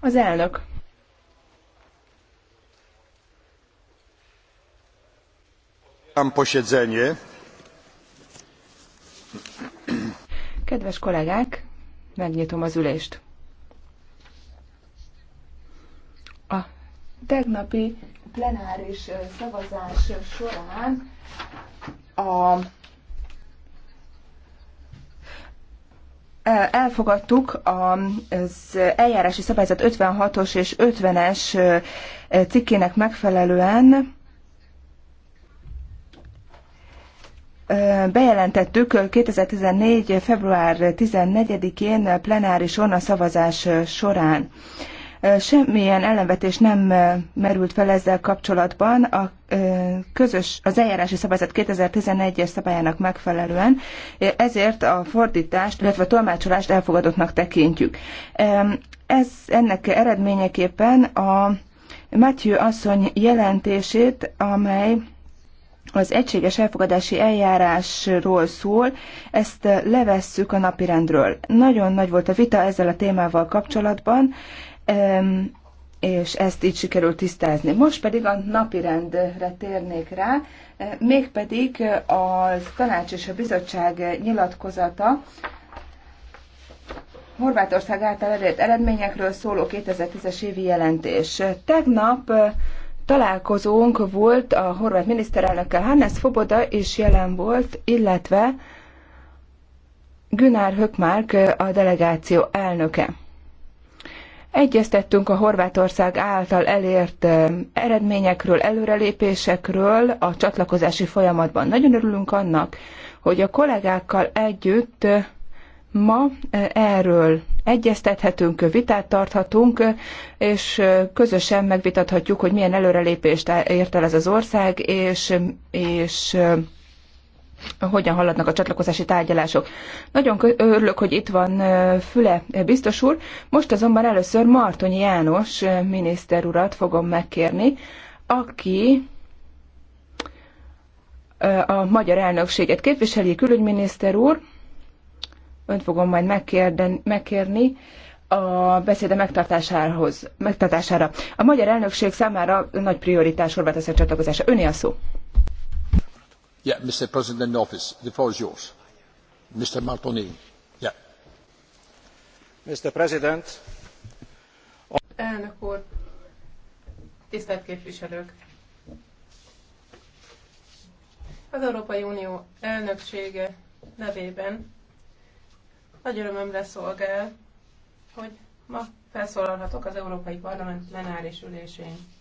Az elnök. Kedves kollégák, megnyitom az ülést. A tegnapi plenáris szavazás során a elfogadtuk az eljárási szabályzat 56-os és 50-es cikkének megfelelően bejelentettük 2014. február 14-én plenárison a szavazás során. Semmilyen ellenvetés nem merült fel ezzel kapcsolatban a közös, az eljárási szabályzat 2011-es szabályának megfelelően, ezért a fordítást, illetve a tolmácsolást elfogadottnak tekintjük. Ez ennek eredményeképpen a Matthew asszony jelentését, amely az egységes elfogadási eljárásról szól, ezt levesszük a napirendről. Nagyon nagy volt a vita ezzel a témával kapcsolatban, és ezt így sikerült tisztázni. Most pedig a napirendre térnék rá, e, mégpedig a tanács és a bizottság nyilatkozata Horvátország által elért eredményekről szóló 2010-es évi jelentés. Tegnap e, találkozónk volt a horvát miniszterelnökkel, Hannes Foboda is jelen volt, illetve Günár Hökmárk e, a delegáció elnöke. Egyeztettünk a Horvátország által elért eredményekről, előrelépésekről a csatlakozási folyamatban. Nagyon örülünk annak, hogy a kollégákkal együtt ma erről egyeztethetünk, vitát tarthatunk, és közösen megvitathatjuk, hogy milyen előrelépést ért el ez az ország, és, és hogyan haladnak a csatlakozási tárgyalások. Nagyon örülök, hogy itt van Füle biztos úr. Most azonban először Martonyi János miniszter urat fogom megkérni, aki a magyar elnökséget képviseli, külügyminiszter úr. Önt fogom majd megkérni a beszéde megtartásához, megtartására. A magyar elnökség számára nagy prioritás sorba a csatlakozása. Öné a szó. Mr. President in Office, the floor is yours. Mr. Mr. President. Elnök úr, tisztelt képviselők! Az Európai Unió elnöksége nevében nagy örömömre szolgál, hogy ma felszólalhatok az Európai Parlament plenáris ülésén.